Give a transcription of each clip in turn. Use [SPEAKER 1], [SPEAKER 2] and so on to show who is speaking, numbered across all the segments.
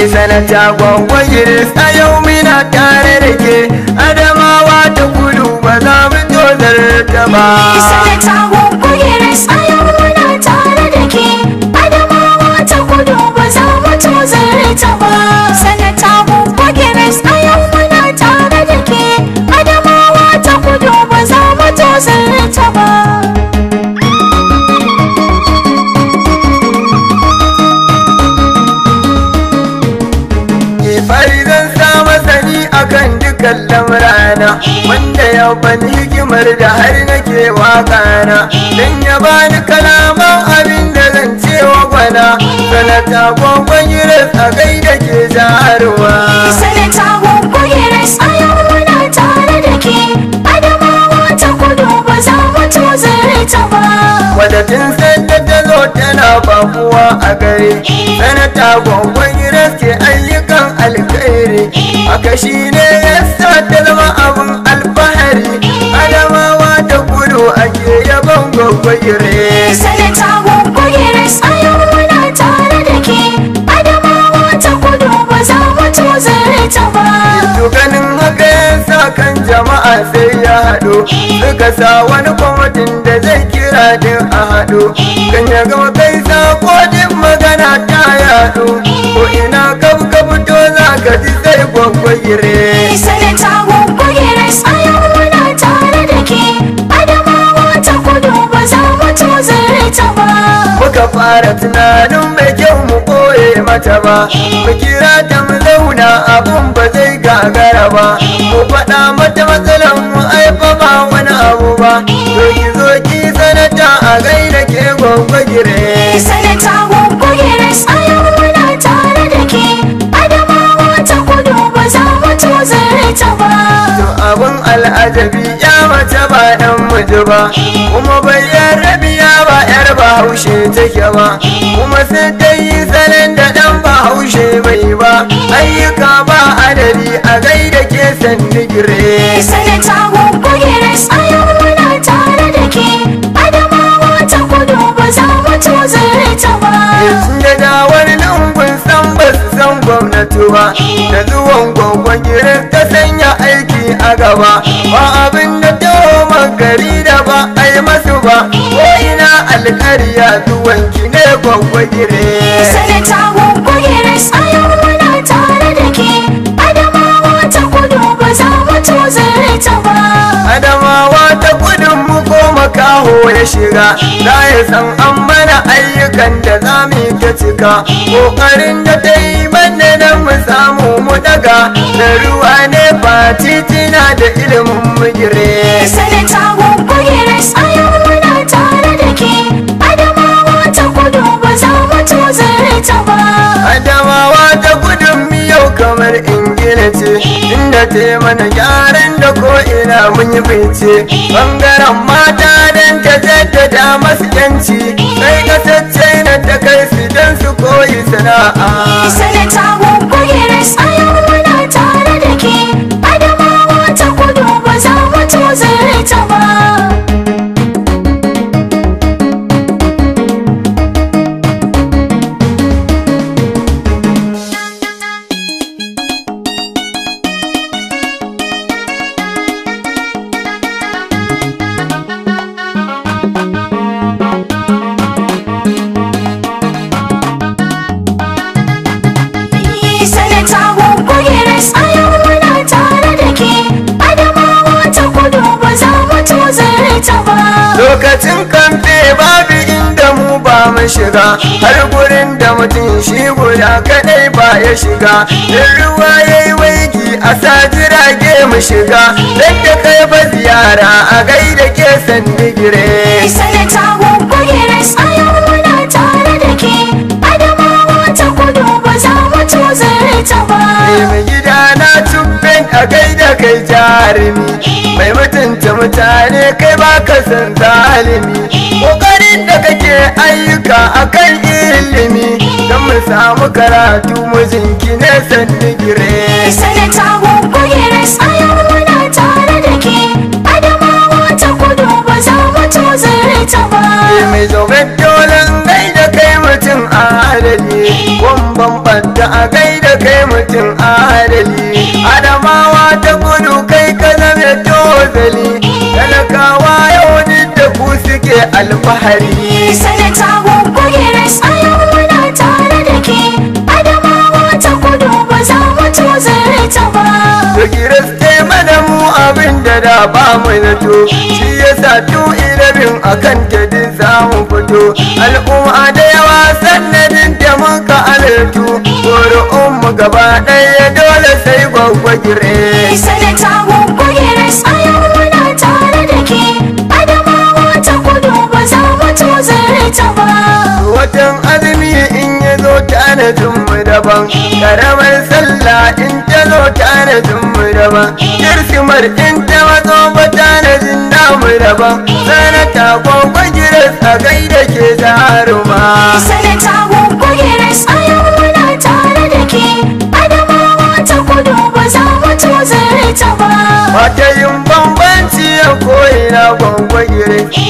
[SPEAKER 1] ke sanata gwagwa giris a yau mina tare da ke adamawa ta kudu ba za mu tozar ta ba sanata gwagwa giris a yau mina tare da ke adamawa ta kudu ba za mu ba kallon rana wanda ya bani hikimar da har nake wakana dan ya bani kalaman abin da zan ce wa bana sanata gwangwan yiris a gai da ke jaharwa sanata yiris a yau muna tare da ke adama wata kudu ba za mu tozare ta ba wadatin sai da zo tana babuwa a gare sanata gwangwan yiris ke ayyukan alkhairi a kashi ne zama abin alfahari adamawa da kudu ake yaban gwaggwagire ganin haka yasa jama'a sai ya haɗu suka sa wani kwamitin da zai kira din a haɗu kan ya gama kai sa din magana ta yaɗu ko ina kaf to fito za ka ji sai muka fara tunanin mai kyau mu koye mata ba mu kira ta mu zauna abun ba zai gagara ba mu faɗa mata matsalan mu aifa ba wani abu ba to ki zo ki sanata a gaida ke gwangwa abun al'ajabi ya mace ba ɗan mutu ba kuma bayyana ba yar bahaushe take ba kuma sai ta yi da dan bahaushe bai ba ayyuka ba adadi a gaida ke da ke adamawa da san ba gwamnati ba da zuwan gwagwan girin ta sanya aiki a gaba ba abin da ta gari da ba a yi masu ba ina alkariya ki ne gwangwagire sanata gire. tsayo muna tare da ke adamawa ta kudu ba za mu tozare ta ba adamawa ta kudu mu ko makaho ya shiga na ya san an mana ayyukan da za mu ta cika kokarin da ta yi mana nan mu samu mu daga da ruwa ne ba titina da ilimin mu gire mun yi fice bangaren mata don ta jaddada masu yanci sai kasance na ta kai su don su koyi sana'a lokacin kamfe babu inda mu ba mu shiga har gurin da mutum shi guda kadai ba ya shiga in ruwa ya yi waigi a sa jirage mu shiga don da kai ba ziyara a gaida ke san digire tare da ke ta kudu ba za tuffin a kai da kai jarumi mai mutunta mutane kai baka san zalimi kokarin da kake ayyuka a kan ilimi don mu samu karatu mu jinki ne san digire mai zaune dole gai kai mutum a adali wan a kai. azali talakawa yau da ku suke alfahari sanata gwaggwage res ayyau muna tare da ke adamawa ta kudu ba za mu tozare ta ba Baki raske mana mu abin da da ba mu zato shi ya sa tu ilimin akan ta din za mu fito al'umma da yawa sannadin da mun ka alertu mu gaba ɗaya dole sai gwaggwage res tare mu daban karamar sallah in ta zo tanadin mu daban kirsimar in ta matso ba tanadin namu daban sanata gwagwa giras a gaida ke jaruma sanata gwagwa giras a yau muna tare da ke adama wata kudu ba za mu tozare ta ba mata yin bambanci a na gwagwa giras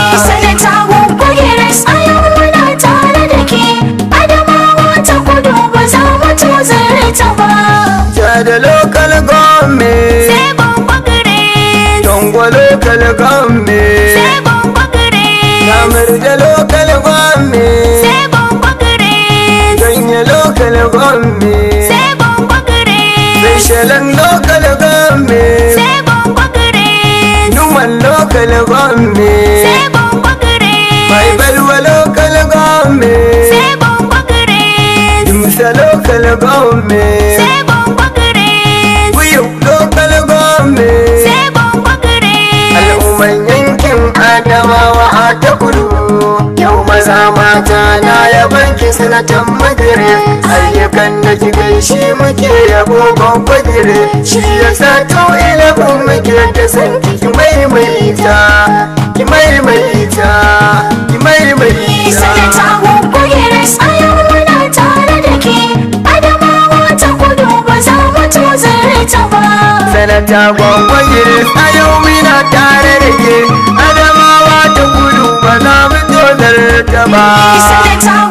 [SPEAKER 1] da local government sai bongo grace dongo local government sai bongo grace kamar da local government sai bongo grace ganye local government sai bongo grace sai local government sai bongo grace numan local government sai bongo grace baibalwa local government sai bongo grace dimsa local government sanatan madire ayyukan da ki shi muke yabo ban kwadire shi ya sa to ilabin muke da san ki maimaita ki maimaita ki sanata da ke maimaita sanatan madire ayyukan sanata gwangwan giris a yau mina tare da ke adamawa ta gudu ba za mu tozar ta ba